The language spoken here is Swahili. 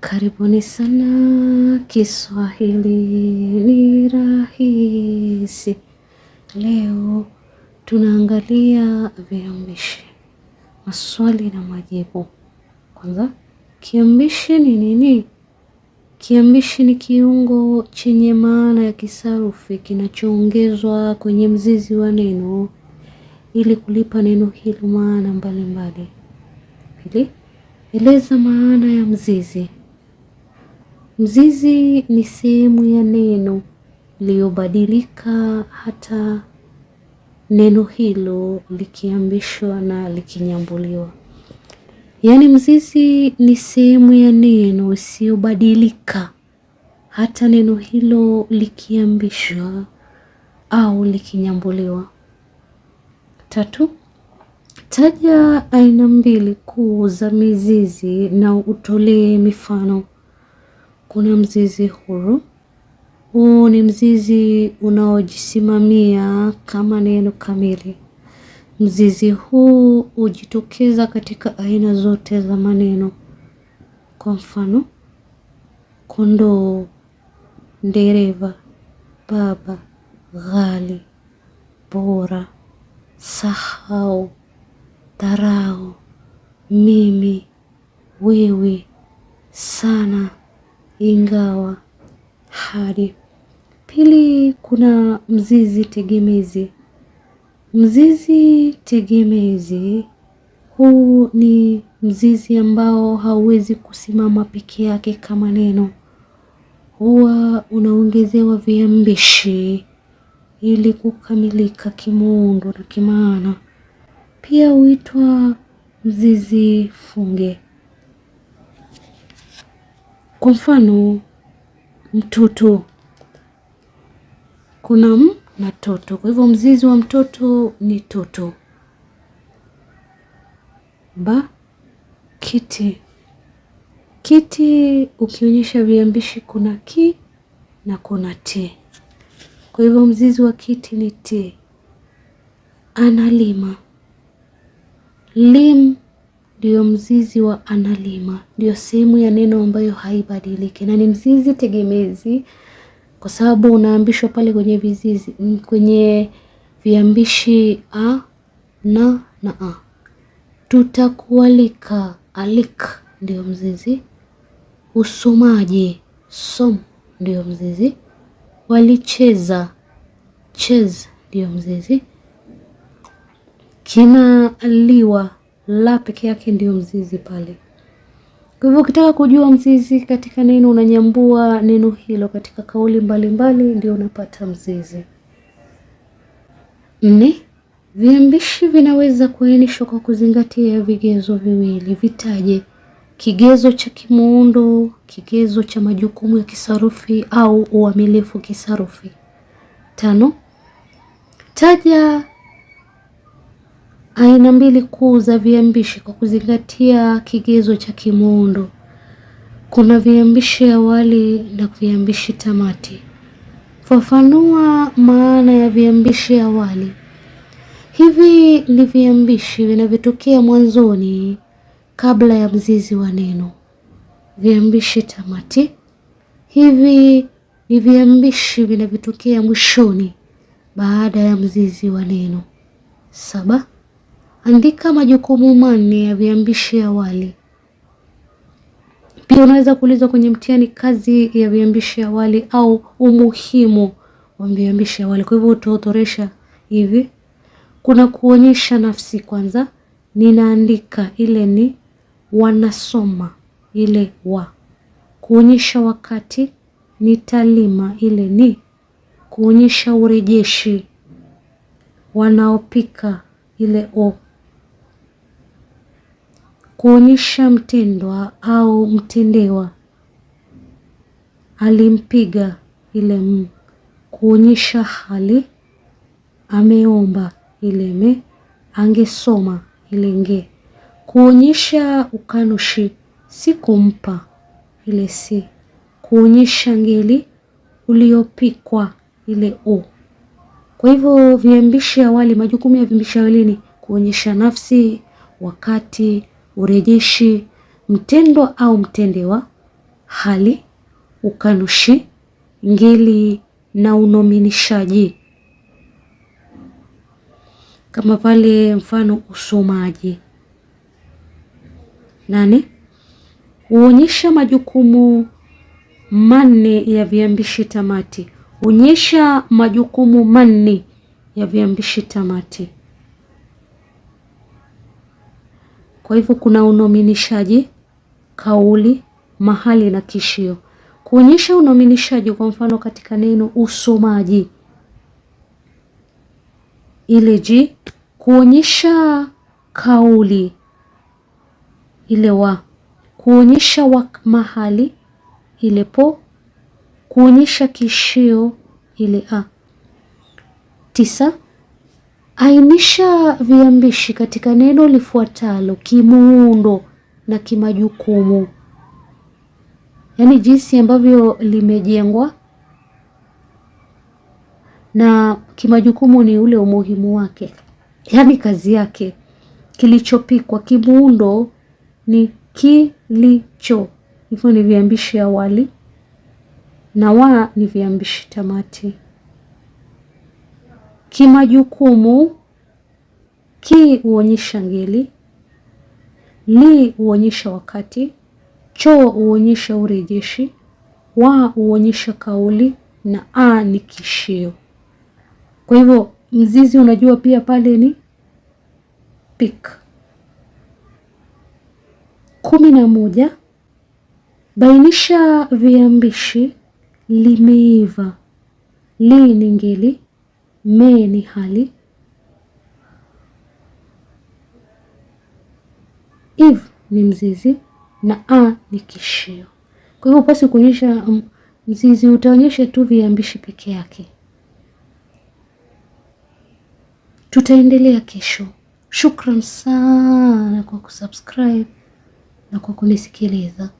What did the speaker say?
Karibuni sana Kiswahili ni rahisi. Leo tunaangalia viambishi, maswali na majibu. Kwanza, kiambishi ni nini? Kiambishi ni kiungo chenye maana ya kisarufi kinachoongezwa kwenye mzizi wa neno ili kulipa neno hilo maana mbalimbali. Pili, eleza maana ya mzizi. Mzizi ni sehemu ya neno iliyobadilika hata neno hilo likiambishwa na likinyambuliwa. Yaani, mzizi ni sehemu ya neno isiyobadilika hata neno hilo likiambishwa au likinyambuliwa. Tatu, taja aina mbili kuu za mizizi na utolee mifano kuna mzizi huru. Huu ni mzizi unaojisimamia kama neno kamili. Mzizi huu hujitokeza katika aina zote za maneno. Kwa mfano, kondoo, dereva, baba, ghali, bora, sahau, dharau, mimi, wewe, sana ingawa hali. Pili, kuna mzizi tegemezi. Mzizi tegemezi huu ni mzizi ambao hauwezi kusimama peke yake kama neno, huwa unaongezewa viambishi ili kukamilika kimuundo na kimaana. Pia huitwa mzizi funge. Kwa mfano mtoto, kuna m na toto, kwa hivyo mzizi wa mtoto ni toto. Ba kiti, kiti ukionyesha viambishi kuna ki na kuna ti, kwa hivyo mzizi wa kiti ni ti. Analima lim ndiyo mzizi wa analima, ndiyo sehemu ya neno ambayo haibadiliki na ni mzizi tegemezi, kwa sababu unaambishwa pale kwenye vizizi, kwenye viambishi a na na a. Tutakualika, alik ndiyo mzizi. Usomaje, som ndiyo mzizi. Walicheza, chez ndiyo mzizi. Kinaliwa la peke yake ndio mzizi pale. Kwa hivyo ukitaka kujua mzizi katika neno, unanyambua neno hilo katika kauli mbalimbali, ndio unapata mzizi. Nne, viambishi vinaweza kuainishwa kwa kuzingatia vigezo viwili. Vitaje: kigezo cha kimuundo, kigezo cha majukumu ya kisarufi au uamilifu kisarufi. Tano, taja aina mbili kuu za viambishi kwa kuzingatia kigezo cha kimuundo. Kuna viambishi awali na viambishi tamati. Fafanua maana ya viambishi awali. Hivi ni viambishi vinavyotokea mwanzoni kabla ya mzizi wa neno. Viambishi tamati. Hivi ni viambishi vinavyotokea mwishoni baada ya mzizi wa neno. Saba. Andika majukumu manne ya viambishi awali. Pia unaweza kuulizwa kwenye mtihani kazi ya viambishi awali au umuhimu wa viambishi awali. Kwa hivyo utaotoresha hivi. Kuna kuonyesha nafsi kwanza, ninaandika ile ni, wanasoma ile wa. Kuonyesha wakati, nitalima ile ni. Kuonyesha urejeshi, wanaopika ile o kuonyesha mtendwa au mtendewa. Alimpiga ile m, kuonyesha hali. Ameomba ile me, angesoma ile nge, kuonyesha ukanushi, si kumpa ile si, kuonyesha ngeli uliopikwa ile u. Kwa hivyo viambishi awali, majukumu ya viambishi awali ni kuonyesha nafsi, wakati, urejeshi mtendo au mtende wa hali, ukanushi, ngeli na unominishaji, kama pale mfano usomaji. Nane, huonyesha majukumu manne ya viambishi tamati. Onyesha majukumu manne ya viambishi tamati. Kwa hivyo kuna unominishaji, kauli, mahali na kishio. Kuonyesha unominishaji kwa mfano katika neno usomaji, ile ji. Kuonyesha kauli, ile wa. Kuonyesha wa mahali, ile po. Kuonyesha kishio, ile a. Tisa. Ainisha viambishi katika neno lifuatalo kimuundo na kimajukumu, yaani jinsi ambavyo limejengwa, na kimajukumu ni ule umuhimu wake, yaani kazi yake. Kilichopikwa kimuundo ni kilicho, hivyo ni viambishi awali, na wa ni viambishi tamati. Kimajukumu, ki huonyesha ngeli, li huonyesha wakati, cho huonyesha urejeshi, wa huonyesha kauli na a ni kishio. Kwa hivyo mzizi unajua pia pale ni pick. Kumi na moja. Bainisha viambishi limeiva. Li ni ngeli, Me ni hali. If ni mzizi na a ni kishio. Kwa hivyo upasi kuonyesha um, mzizi, utaonyesha tu viambishi peke yake. Tutaendelea kesho. Shukran sana kwa kusubscribe na kwa kunisikiliza.